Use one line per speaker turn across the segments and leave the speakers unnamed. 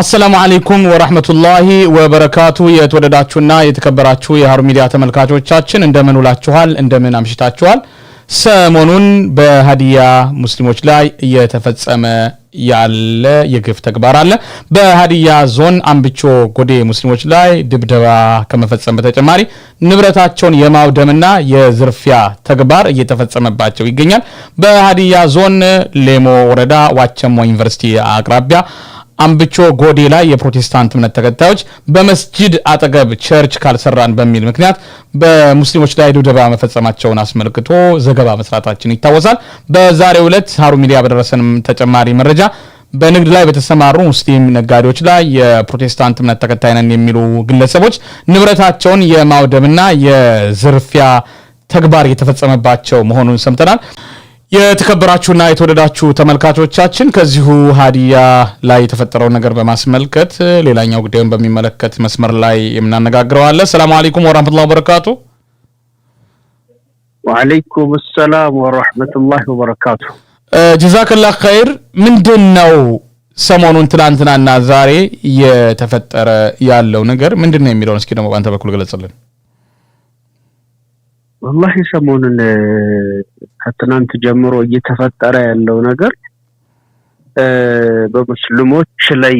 አሰላሙ አለይኩም ወራህመቱላሂ ወበረካቱ። የተወደዳችሁና የተከበራችሁ የሃሩን ሚዲያ ተመልካቾቻችን እንደምን ውላችኋል? እንደምን አምሽታችኋል? ሰሞኑን በሀዲያ ሙስሊሞች ላይ እየተፈጸመ ያለ የግፍ ተግባር አለ። በሀዲያ ዞን አንብቾ ጎዴ ሙስሊሞች ላይ ድብደባ ከመፈጸም በተጨማሪ ንብረታቸውን የማውደምና የዝርፊያ ተግባር እየተፈጸመባቸው ይገኛል። በሀዲያ ዞን ሌሞ ወረዳ ዋቸሞ ዩኒቨርሲቲ አቅራቢያ አምብቾ ጎዴ ላይ የፕሮቴስታንት እምነት ተከታዮች በመስጂድ አጠገብ ቸርች ካልሰራን በሚል ምክንያት በሙስሊሞች ላይ ድብደባ መፈጸማቸውን አስመልክቶ ዘገባ መስራታችን ይታወሳል። በዛሬው ዕለት ሀሩ ሚዲያ በደረሰንም ተጨማሪ መረጃ በንግድ ላይ በተሰማሩ ሙስሊም ነጋዴዎች ላይ የፕሮቴስታንት እምነት ተከታይ ነን የሚሉ ግለሰቦች ንብረታቸውን የማውደምና የዝርፊያ ተግባር የተፈጸመባቸው መሆኑን ሰምተናል። የተከበራችሁና የተወደዳችሁ ተመልካቾቻችን ከዚሁ ሀዲያ ላይ የተፈጠረውን ነገር በማስመልከት ሌላኛው ጉዳዩን በሚመለከት መስመር ላይ የምናነጋግረው አለ። ሰላሙ አሌይኩም ወራህመቱላ ወበረካቱ።
ወአለይኩም ሰላም ወረመቱላ ወበረካቱ።
ጀዛከላ ኸይር። ምንድን ነው ሰሞኑን ትናንትናና ዛሬ እየተፈጠረ ያለው ነገር ምንድን ነው የሚለውን እስኪ ደግሞ በአንተ በኩል ገለጽልን።
ወላሂ ሰሞኑን ከትናንት ጀምሮ እየተፈጠረ ያለው ነገር በሙስሊሞች ላይ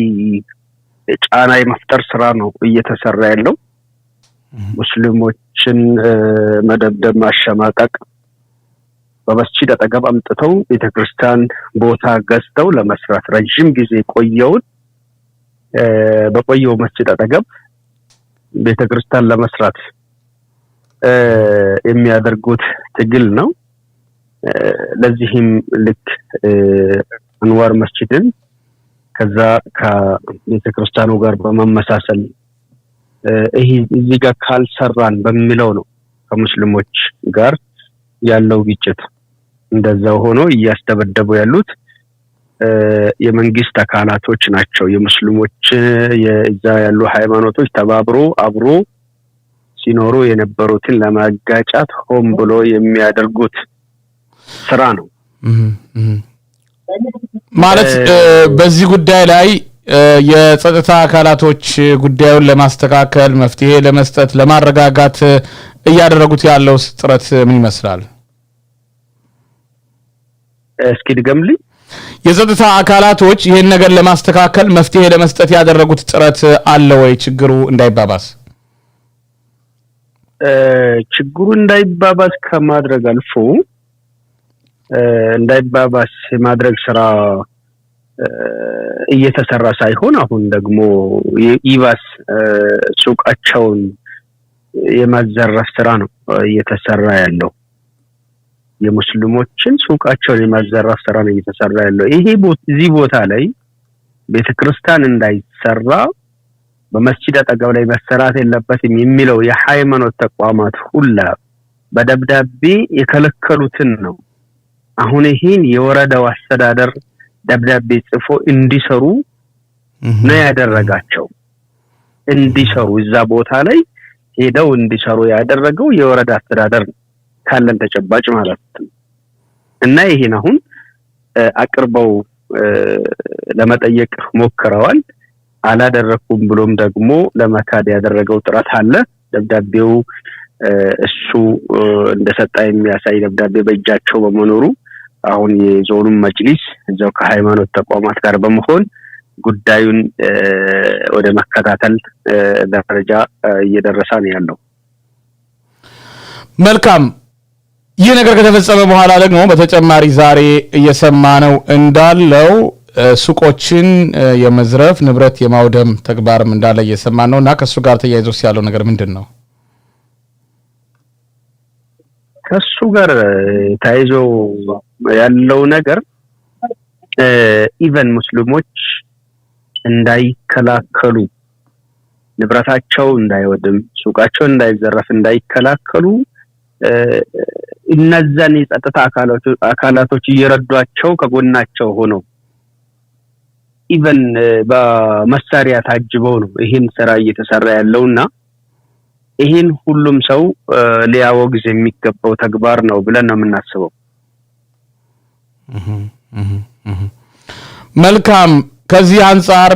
ጫና የመፍጠር ስራ ነው እየተሰራ ያለው። ሙስሊሞችን መደብደብ፣ ማሸማቀቅ በመስጂድ አጠገብ አምጥተው ቤተክርስቲያን ቦታ ገዝተው ለመስራት ረዥም ጊዜ ቆየውን በቆየው መስጂድ አጠገብ ቤተክርስቲያን ለመስራት የሚያደርጉት ትግል ነው። ለዚህም ልክ አንዋር መስጂድን ከዛ ከቤተክርስቲያኑ ጋር በመመሳሰል እዚህ ጋር ካልሰራን በሚለው ነው ከሙስሊሞች ጋር ያለው ግጭት። እንደዛው ሆኖ እያስደበደቡ ያሉት የመንግስት አካላቶች ናቸው። የሙስሊሞች የዛ ያሉ ሃይማኖቶች ተባብሮ አብሮ ሲኖሩ የነበሩትን ለማጋጫት ሆን ብሎ የሚያደርጉት ስራ ነው
ማለት። በዚህ ጉዳይ ላይ የጸጥታ አካላቶች ጉዳዩን ለማስተካከል መፍትሄ ለመስጠት ለማረጋጋት እያደረጉት ያለው ጥረት ምን ይመስላል? እስኪ ድገምል የጸጥታ አካላቶች ይህን ነገር ለማስተካከል መፍትሄ ለመስጠት ያደረጉት ጥረት አለ ወይ? ችግሩ እንዳይባባስ
ችግሩ እንዳይባባስ ከማድረግ አልፎ እንዳይባባስ የማድረግ ስራ እየተሰራ ሳይሆን አሁን ደግሞ ኢባስ ሱቃቸውን የማዘረፍ ስራ ነው እየተሰራ ያለው። የሙስሊሞችን ሱቃቸውን የማዘረፍ ስራ ነው እየተሰራ ያለው። ይሄ እዚህ ቦታ ላይ ቤተክርስቲያን እንዳይሰራ በመስጂድ አጠገብ ላይ መሰራት የለበትም የሚለው የሃይማኖት ተቋማት ሁላ በደብዳቤ የከለከሉትን ነው። አሁን ይህን የወረዳው አስተዳደር ደብዳቤ ጽፎ እንዲሰሩ ነው ያደረጋቸው። እንዲሰሩ እዛ ቦታ ላይ ሄደው እንዲሰሩ ያደረገው የወረዳ አስተዳደር ካለን ተጨባጭ ማለት ነው። እና ይህን አሁን አቅርበው ለመጠየቅ ሞክረዋል። አላደረግኩም ብሎም ደግሞ ለመካድ ያደረገው ጥረት አለ። ደብዳቤው እሱ እንደሰጣ የሚያሳይ ደብዳቤ በእጃቸው በመኖሩ አሁን የዞኑን መጅሊስ እዚያው ከሃይማኖት ተቋማት ጋር በመሆን ጉዳዩን ወደ መከታተል ደረጃ እየደረሰ ነው ያለው።
መልካም። ይህ ነገር ከተፈጸመ በኋላ ደግሞ በተጨማሪ ዛሬ እየሰማ ነው እንዳለው ሱቆችን የመዝረፍ ንብረት የማውደም ተግባርም እንዳለ እየሰማን ነው እና ከእሱ ጋር ተያይዞ ያለው ነገር ምንድን ነው?
ከሱ ጋር ተያይዞ ያለው ነገር ኢቨን ሙስሊሞች እንዳይከላከሉ ንብረታቸው እንዳይወድም ሱቃቸው እንዳይዘረፍ እንዳይከላከሉ እነዛን የጸጥታ አካላቶች እየረዷቸው ከጎናቸው ሆነው ኢቨን በመሳሪያ ታጅበው ነው ይህን ስራ እየተሰራ ያለው እና ይህን ሁሉም ሰው ሊያወግዝ የሚገባው ተግባር ነው ብለን ነው የምናስበው።
መልካም። ከዚህ አንጻር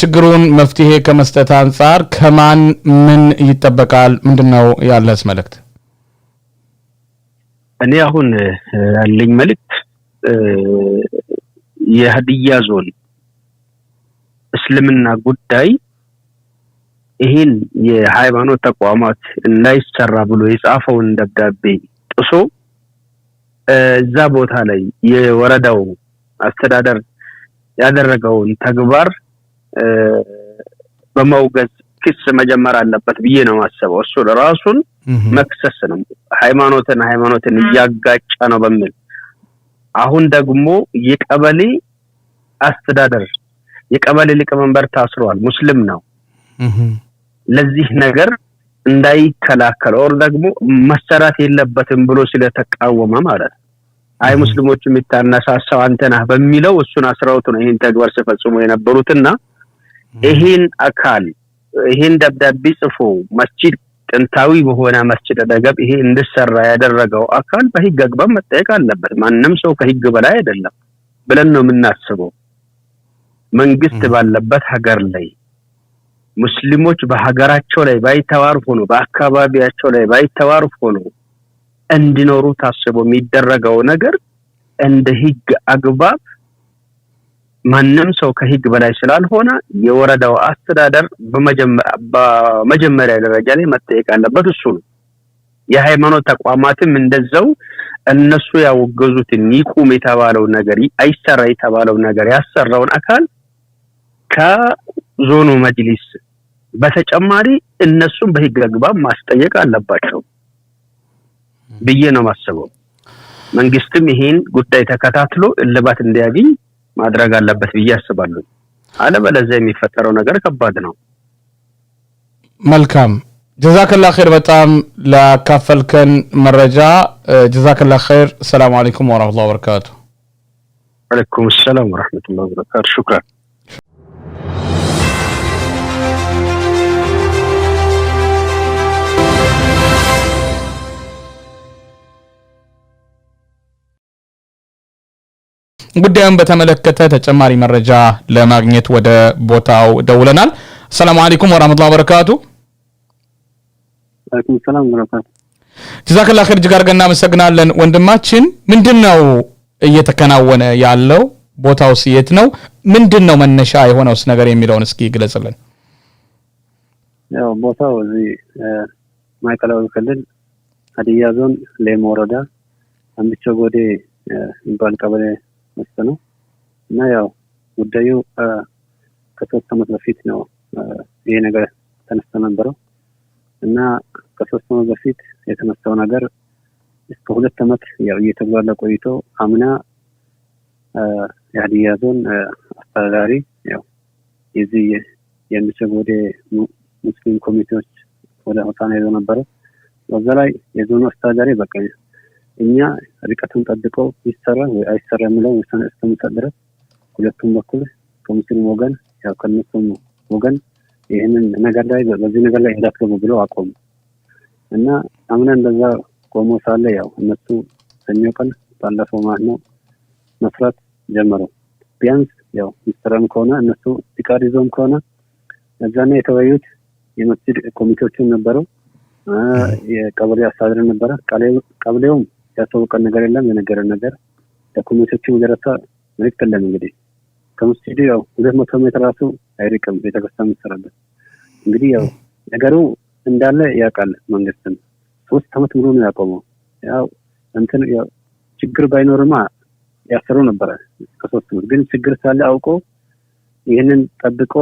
ችግሩን መፍትሄ ከመስጠት አንጻር ከማን ምን ይጠበቃል? ምንድን ነው ያለስ መልእክት?
እኔ አሁን ያለኝ መልእክት የሀዲያ ዞን የእስልምና ጉዳይ ይህን የሃይማኖት ተቋማት እንዳይሰራ ብሎ የጻፈውን ደብዳቤ ጥሶ እዛ ቦታ ላይ የወረዳው አስተዳደር ያደረገውን ተግባር በመውገዝ ክስ መጀመር አለበት ብዬ ነው ማሰበው እሱ ራሱን መክሰስ ነው፣ ሃይማኖትን ሃይማኖትን እያጋጨ ነው በሚል አሁን ደግሞ የቀበሌ አስተዳደር የቀበሌ ሊቀመንበር ታስሯል፣ ሙስሊም ነው። ለዚህ ነገር እንዳይከላከል ኦር ደግሞ መሰራት የለበትም ብሎ ስለተቃወመ ማለት አይ ሙስሊሞች የሚታነሳሳው አንተና በሚለው እሱን አስራውት ነው ይህን ተግባር ሲፈጽሙ የነበሩትና ይህን አካል ይህን ደብዳቤ ጽፎ መስጂድ ጥንታዊ በሆነ መስጂድ ደገብ ይሄ እንድሰራ ያደረገው አካል በህግ አግባብ መጠየቅ አለበት። ማንም ሰው ከህግ በላይ አይደለም ብለን ነው የምናስበው። መንግስት ባለበት ሀገር ላይ ሙስሊሞች በሀገራቸው ላይ ባይተዋር ሆኖ በአካባቢያቸው ላይ ባይተዋር ሆኖ እንዲኖሩ ታስቦ የሚደረገው ነገር እንደ ህግ አግባብ ማንም ሰው ከህግ በላይ ስላልሆነ የወረዳው አስተዳደር በመጀመሪያ ደረጃ ላይ መጠየቅ አለበት። እሱ ነው። የሃይማኖት ተቋማትም እንደዛው እነሱ ያወገዙትን ይቁም የተባለው ነገር አይሰራ የተባለው ነገር ያሰራውን አካል ከዞኑ መጅሊስ በተጨማሪ እነሱም በህግ አግባብ ማስጠየቅ አለባቸው ብዬ ነው የማስበው። መንግስትም ይሄን ጉዳይ ተከታትሎ እልባት እንዲያገኝ ማድረግ አለበት ብዬ አስባለሁ። አለበለዚያ የሚፈጠረው ነገር ከባድ ነው።
መልካም ጀዛከላ ኸይር፣ በጣም ላካፈልከን መረጃ ጀዛከላ ኸይር። ሰላም አለይኩም ወራህመቱላሂ ወበረካቱ።
ወአለይኩም ሰላም ወራህመቱላሂ ወበረካቱ። ሹክራን
ጉዳዩን በተመለከተ ተጨማሪ መረጃ ለማግኘት ወደ ቦታው ደውለናል። ሰላም አለይኩም ወራህመቱላሂ ወበረካቱ።
አለይኩም ሰላም ወራህመቱላሂ
ጀዛከላ ኸይር እጅግ አድርገን እናመሰግናለን ወንድማችን። ምንድን ነው እየተከናወነ ያለው? ቦታው የት ነው? ምንድን ነው መነሻ የሆነውስ ነገር የሚለውን እስኪ ግለጽልን።
ያው ቦታው እዚህ ማዕከላዊ ክልል ሀዲያ ዞን ሌሞ ወረዳ ጎዴ የሚባል ቀበሌ መስጠት ነው እና ያው ጉዳዩ ከሶስት ዓመት በፊት ነው ይሄ ነገር ተነስተ ነበረው እና ከሶስት ዓመት በፊት የተነሳው ነገር እስከ ሁለት ዓመት ያው እየተጓለ ቆይቶ አምና የሀዲያ ዞን አስተዳዳሪ ያው የዚህ የሚሰግ ወደ ሙስሊም ኮሚቴዎች ወደ ሆሳና ይዞ ነበረ። በዛ ላይ የዞኑ አስተዳዳሪ በቃ እኛ ርቀቱን ጠብቀው ይሰራ ወይ አይሰራ የሚለውን ውሳኔ እስከምሰጥ ድረስ ሁለቱም በኩል ከሙስሊም ወገን ያው ከነሱም ወገን ይህንን ነገር ላይ በዚህ ነገር ላይ እንዳትገቡ ብለው አቆሙ እና አምና እንደዛ ቆሞ ሳለ ያው እነሱ ሰኞ ቀን ባለፈው ማለት ነው መስራት ጀመሩ። ቢያንስ ያው ሚስተራም ከሆነ እነሱ ፍቃድ ይዞም ከሆነ እዛና የተወያዩት የመስጅድ ኮሚቴዎችን ነበረው፣ የቀበሌ አስተዳደር ነበረ። ቀበሌውም ያስታወቀን ነገር የለም። የነገረን ነገር ለኮሚቴዎችም የደረሰ መልዕክት የለም። እንግዲህ ከምስጅዱ ያው ሁለት መቶ ሜትር ራሱ አይርቅም ቤተክርስቲያን የምትሰራበት እንግዲህ ያው ነገሩ እንዳለ ያውቃል መንግስትም ሶስት አመት ሙሉ ነው ያቆመው። ያው እንትን ያው ችግር ባይኖርማ ያሰሩ ነበረ ከሶስት አመት ግን ችግር ሳለ አውቆ ይህንን ጠብቆ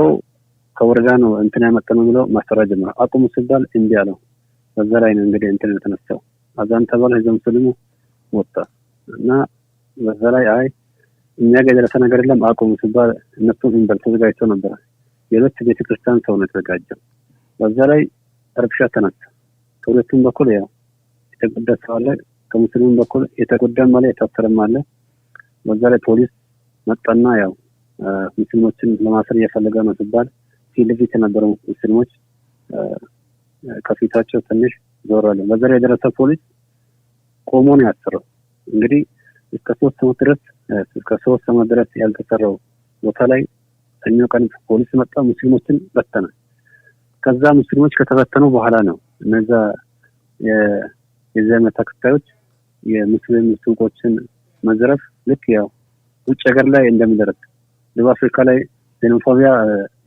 ከወረዳ ነው እንትን ያመጣ ነው ብለው ማሰራ ጀምረ አቁሙ ሲባል እንዲ ነው። በዛ ላይ ነው እንግዲህ እንትን የተነሳው። አዛን ተባለ ህዝብ ሙስሊሙ ወጣ እና በዛ ላይ አይ እኛ ጋር የደረሰ ነገር የለም አቁሙ ሲባል እነሱም ዝም በል ተዘጋጅተው ነበረ። ሌሎች ቤተክርስቲያን ሰው ነው የተዘጋጀው። በዛ ላይ ረብሻ ተነሳ። ከሁለቱም በኩል ያው የተጎዳ ሰው አለ፣ ከሙስሊሙም በኩል የተጎዳም አለ፣ የታሰረም አለ። በዛ ላይ ፖሊስ መጣና ያው ሙስሊሞችን ለማሰር እየፈለገ ነው ሲባል ፊት ለፊት የነበረው ሙስሊሞች ከፊታቸው ትንሽ ዞራል። በዘር የደረሰ ፖሊስ ቆሞ ነው ያሰረው። እንግዲህ እስከ ሶስት ዓመት ድረስ እስከ ሶስት ዓመት ድረስ ያልተሰራው ቦታ ላይ ሰኞ ቀን ፖሊስ መጣ፣ ሙስሊሞችን በተነ። ከዛ ሙስሊሞች ከተበተኑ በኋላ ነው እነዛ የዘመ አይነት ተከታዮች የሙስሊም ሱቆችን መዝረፍ ልክ ያው ውጭ ሀገር ላይ እንደሚደረግ ደቡብ አፍሪካ ላይ ዜኖፎቢያ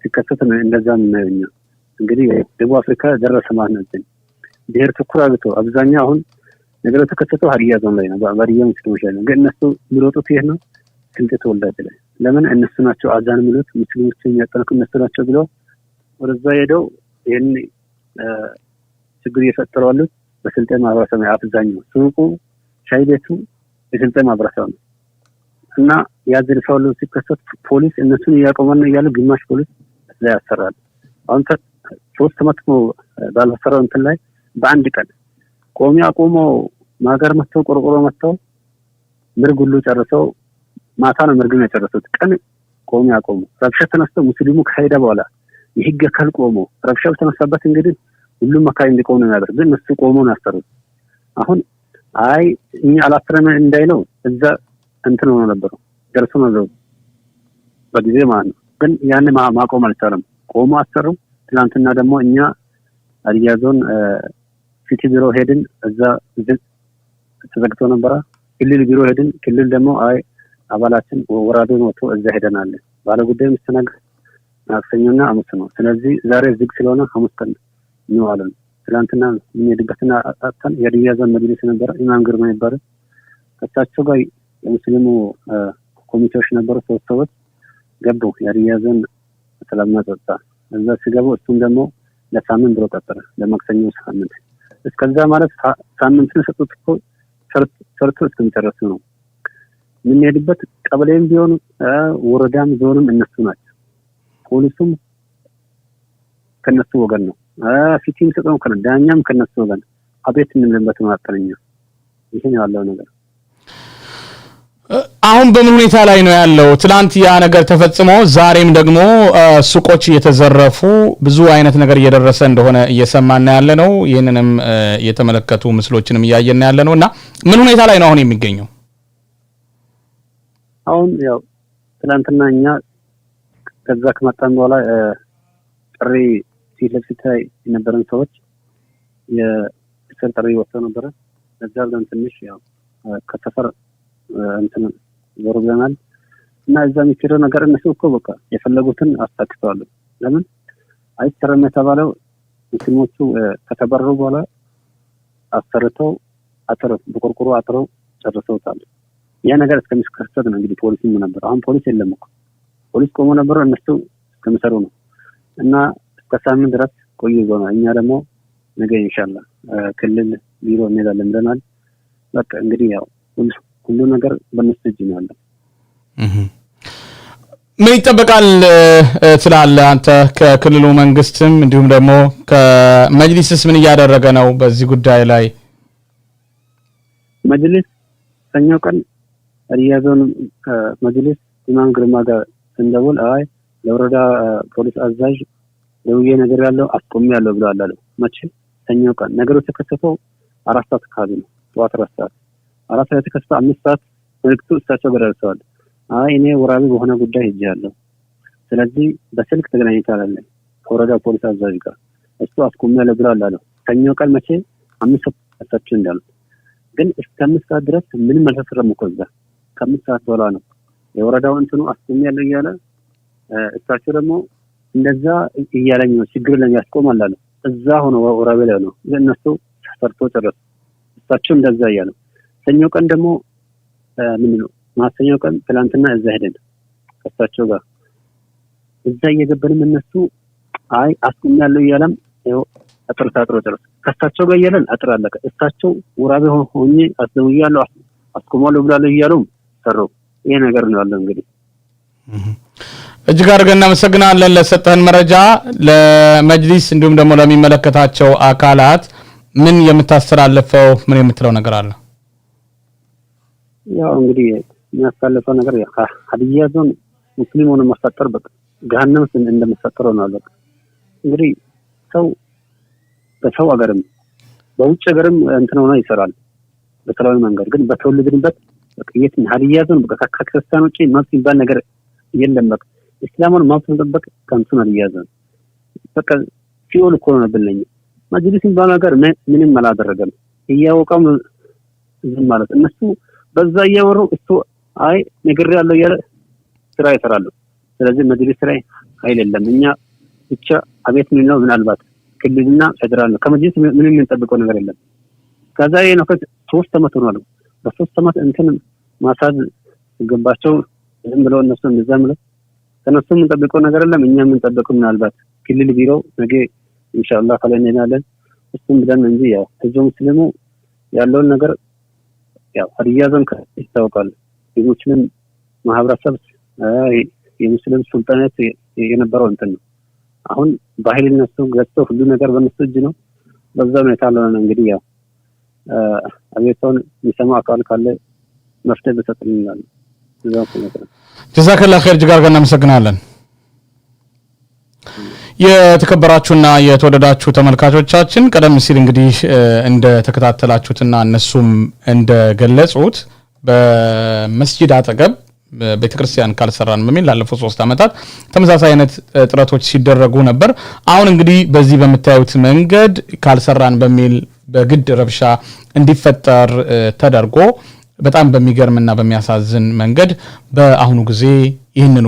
ሲከሰት እንደዛ የምናየው እኛ እንግዲህ ደቡብ አፍሪካ ደረሰ ማለት ነው። ብሔር ትኩር አግቶ አብዛኛው አሁን ነገር የተከሰተው ሀዲያ ዞን ላይ ነው። በሀዲያ ሙስሊሞች ላይ ነው። ግን እነሱ የሚሮጡት ይህ ነው ስልጤ ተወላጅ ላይ ለምን እነሱ ናቸው አዛን የሚሉት ሙስሊሞችን የሚያጠነቁ እነሱ ናቸው ብለው ወደዛ ሄደው ይህን ችግር እየፈጠሩ ያሉት በስልጤ ማህበረሰብ ነው። አብዛኛው ሱቁ፣ ሻይ ቤቱ የስልጤ ማህበረሰብ ነው እና ያዝን ሰው ሁሉ ሲከሰት ፖሊስ እነሱን እያቆመና እያሉ ግማሽ ፖሊስ ላይ ያሰራል። አሁን ሶስት መቶ ባልሰራው እንትን ላይ በአንድ ቀን ቆሚ አቁመው ማገር መጥተው ቆርቆሮ መጥተው ምርግ ሁሉ ጨርሰው ማታ ነው ምርግ ነው የጨረሱት። ቀን ቆሚ አቆሙ። ረብሻ ተነስተው ሙስሊሙ ከሄደ በኋላ የህግ አካል ቆሞ ረብሻ ተነሳበት። እንግዲህ ሁሉም አካባቢ እንዲቆም ነው የሚያደርግ፣ ግን እሱ ቆሞ ነው ያሰሩት። አሁን አይ እኛ አላስረን እንዳይለው እዛ እንትን ሆኖ ነበረው ደርሶ ነው በጊዜ ማለት ነው። ግን ያን ማቆም አልቻለም። ቆሞ አሰሩ። ትናንትና ደግሞ እኛ አልያዞን ሲቲ ቢሮ ሄድን። እዛ ተዘግቶ ነበረ። ክልል ቢሮ ሄድን። ክልል ደግሞ አይ አባላችን ወራዶን ወጥቶ እዛ ሄደናል። ባለጉዳይ የሚስተናገድ ማክሰኞና ሐሙስ ነው። ስለዚህ ዛሬ ዝግ ስለሆነ ሐሙስ ቀን እንዋለን። ትላንትና የምንሄድበትና አጣጥተን የድያ ዞን ነበረ። ኢማም ግርማ ይባል ከሳቸው ጋር የሙስሊሙ ኮሚቴዎች ነበሩ። ሶስት ሰዎች ገቡ። የድያ ዞን እዛ ሲገቡ እሱም ደግሞ ለሳምንት ብሎ ቀጠረ ለማክሰኞ ሳምንት እስከዛ ማለት ሳምንት ሰጡት እኮ ሰርቶ እስከሚጨረሱ ነው የምንሄድበት። ቀበሌም ቢሆን ወረዳም ዞንም እነሱ ናቸው። ፖሊሱም ከነሱ ወገን ነው። ፊት የሚሰጠው ዳኛም ከነሱ ወገን አቤት የምንልበት ማጠነኛ ይሄ ነው ያለው ነገር።
አሁን በምን ሁኔታ ላይ ነው ያለው? ትላንት ያ ነገር ተፈጽሞ ዛሬም ደግሞ ሱቆች እየተዘረፉ ብዙ አይነት ነገር እየደረሰ እንደሆነ እየሰማን ያለ ነው። ይህንንም የተመለከቱ ምስሎችንም እያየን ያለ ነው እና ምን ሁኔታ ላይ ነው አሁን የሚገኘው?
አሁን ያው ትላንትና እኛ ከዛ ከመጣን በኋላ ጥሪ ፊት ለፊት ላይ የነበረን ሰዎች የስል ጥሪ ወጥተው ነበረ። ለዛ ብለን ትንሽ ያው ከሰፈር እንትን ዞር ብለናል እና እዛ የሚችለው ነገር እነሱ እኮ በቃ የፈለጉትን አሳክተዋል። ለምን አይሰረም የተባለው ሙስሊሞቹ ከተበረሩ በኋላ አሰርተው አጥር በቆርቆሮ አጥረው ጨርሰውታል። ያ ነገር እስከሚስከሰት ነው እንግዲህ ፖሊስ ነበር። አሁን ፖሊስ የለም እኮ ፖሊስ ቆሞ ነበረ እነሱ እስከሚሰሩ ነው። እና እስከ ሳምንት ድረስ ቆይ ዞና እኛ ደግሞ ነገ ኢንሻአላህ ክልል ቢሮ እንሄዳለን ብለናል። በቃ እንግዲህ ያው ሁሉ ነገር በነሱ እጅ ነው ያለው።
ምን ይጠበቃል ትላለህ አንተ? ከክልሉ መንግስትም እንዲሁም ደግሞ ከመጅሊስስ ምን እያደረገ ነው በዚህ ጉዳይ ላይ? መጅሊስ
ሰኞ ቀን ሀዲያ ዞን ከመጅሊስ ኢማም ግርማ ጋር ስንደውል አይ ለወረዳ ፖሊስ አዛዥ ደውዬ ነገር ያለው አስቆሚ ያለው ብለዋል አለ። መቼ? ሰኞ ቀን ነገሩ የተከሰተው አራት ሰዓት አካባቢ ነው፣ ጠዋት አራት ሰዓት አራት ሰዓት የተከሰተ አምስት ሰዓት መልዕክቱ እሳቸው ጋር ደርሰዋል። አይ እኔ ወራቤ በሆነ ጉዳይ ሄጄ ስለዚህ በስልክ ተገናኝተናል አለ ከወረዳ ፖሊስ አዛዥ ጋር። እሱ ያለ ብሏል አለው። ከኛው ቀን መቼ አምስት ሰዓት ሰጣችሁ እንዳሉት ግን እስከ አምስት ሰዓት ድረስ ምንም አልተሰራም እኮ እዛ ከአምስት ሰዓት በኋላ ነው የወረዳው እንትኑ ያለ እያለ እሳቸው ደግሞ እንደዛ እያለኝ ነው ችግር ለኝ ያስቆማል አለ። እዛ ሆኖ ወራቤ ላይ ነው እነሱ ሰርቶ ጨረሱ። እሳቸው እንደዛ እያለ ሰኞ ቀን ደግሞ ምን ነው ማሰኞ ቀን ትላንትና እዛ ሄደን ከሳቸው ጋር እዛ እየገበንም እነሱ አይ አስቁም ያለው እያለም ይኸው አጥር ታጥሮ ጨረስ ከሳቸው ጋር እያለን አጥር አለቀ። እሳቸው ውራቤ ሆኜ አስደውያለሁ አስቁማለሁ ብላለሁ እያሉም ሰሩ። ይሄ ነገር ነው ያለው እንግዲህ
እጅግ አድርገን እናመሰግናለን ለሰጠህን መረጃ። ለመጅሊስ እንዲሁም ደግሞ ለሚመለከታቸው አካላት ምን የምታስተላልፈው ምን የምትለው ነገር አለ?
ያው እንግዲህ የሚያሳልፈው ነገር ሀዲያ ዞን ሙስሊም ሆነ መፈጠር በቃ ገሀነም እንደመፈጠር ሆኗል። በቃ እንግዲህ ሰው በሰው ሀገርም በውጭ ሀገርም እንትን ሆነ ይሰራል በሰላዊ መንገድ ግን በተወለድንበት በቅየት ሀዲያ ዞን በቃ ከክርስቲያን ውጭ መብት የሚባል ነገር የለም። በቃ እስላሙን መብት መጠበቅ ከምሱን ሀዲያ ዞን በቃ ሲኦል እኮ ሆነብልኝ። መጅሊስ የሚባለው ነገር ምንም አላደረገም እያወቀም ዝም ማለት እነሱ በዛ እያወሩ እሱ አይ ነገር ያለው እያለ ስራ ይሰራሉ። ስለዚህ መጅሊስ ላይ ኃይል የለም። እኛ ብቻ አቤት ምን ነው ምናልባት ክልልና ፌደራል ነው። ከመጅሊስ ምንም የምንጠብቀው ነገር የለም። ከዛ ይሄ ነው ሶስት ዓመት ሆኗል። በሶስት ዓመት እንትን ማሳዝ ገባቸው ዝም ብለው እነሱ እንደዛ ምለው ከነሱ የምንጠብቀው ነገር የለም። እኛ የምንጠብቀው ምናልባት ክልል ቢሮ ነገ ኢንሻአላህ ካለ እንሄዳለን እሱም ብለን እንጂ ያው ህዝቡ ሙስሊሙ ያለውን ነገር ያው ሀዲያ ዞን ይታወቃል። የሙስሊም ማህበረሰብ የሙስሊም ሱልጣነት የነበረው እንትን ነው። አሁን ባህል እነሱ ገዝቶ ሁሉ ነገር በነሱ እጅ ነው። በዛ ሁኔታ ለሆነ እንግዲህ ያው አቤቱታውን የሚሰማ አካል ካለ መፍትሄ ብሰጥልን
ጀዛከላ ኸይር ጅጋር አድርገን እናመሰግናለን። የተከበራችሁና የተወደዳችሁ ተመልካቾቻችን ቀደም ሲል እንግዲህ እንደተከታተላችሁትና እነሱም እንደገለጹት በመስጂድ አጠገብ ቤተክርስቲያን ካልሰራን በሚል ላለፉት ሶስት ዓመታት ተመሳሳይ አይነት ጥረቶች ሲደረጉ ነበር። አሁን እንግዲህ በዚህ በምታዩት መንገድ ካልሰራን በሚል በግድ ረብሻ እንዲፈጠር ተደርጎ በጣም በሚገርምና በሚያሳዝን መንገድ በአሁኑ ጊዜ ይህንኑ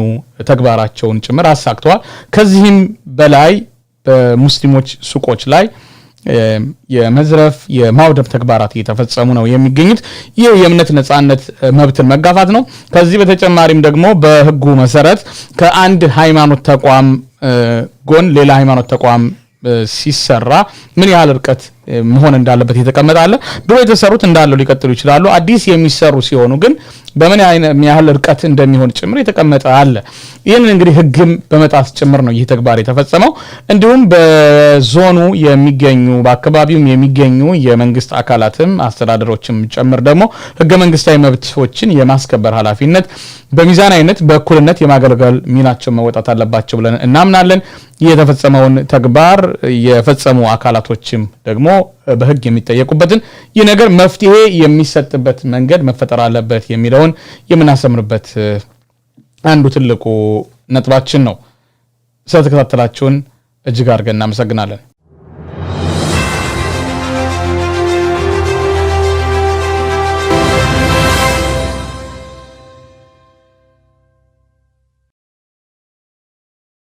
ተግባራቸውን ጭምር አሳክተዋል። ከዚህም በላይ በሙስሊሞች ሱቆች ላይ የመዝረፍ የማውደብ ተግባራት እየተፈጸሙ ነው የሚገኙት። ይህ የእምነት ነጻነት መብትን መጋፋት ነው። ከዚህ በተጨማሪም ደግሞ በሕጉ መሰረት ከአንድ ሃይማኖት ተቋም ጎን ሌላ ሃይማኖት ተቋም ሲሰራ ምን ያህል ርቀት መሆን እንዳለበት የተቀመጠ አለ። ድሮ የተሰሩት እንዳለው ሊቀጥሉ ይችላሉ። አዲስ የሚሰሩ ሲሆኑ ግን በምን ያህል እርቀት እንደሚሆን ጭምር የተቀመጠ አለ። ይህንን እንግዲህ ሕግም በመጣስ ጭምር ነው ይህ ተግባር የተፈጸመው። እንዲሁም በዞኑ የሚገኙ በአካባቢውም የሚገኙ የመንግስት አካላትም አስተዳደሮችም ጭምር ደግሞ ሕገ መንግስታዊ መብቶችን የማስከበር ኃላፊነት በሚዛናዊነት በእኩልነት የማገልገል ሚናቸው መወጣት አለባቸው ብለን እናምናለን። ይህ የተፈጸመውን ተግባር የፈጸሙ አካላቶችም ደግሞ በህግ የሚጠየቁበትን ይህ ነገር መፍትሄ የሚሰጥበት መንገድ መፈጠር አለበት የሚለውን የምናሰምርበት አንዱ ትልቁ ነጥባችን ነው። ስለተከታተላችሁን እጅግ አድርገን እናመሰግናለን።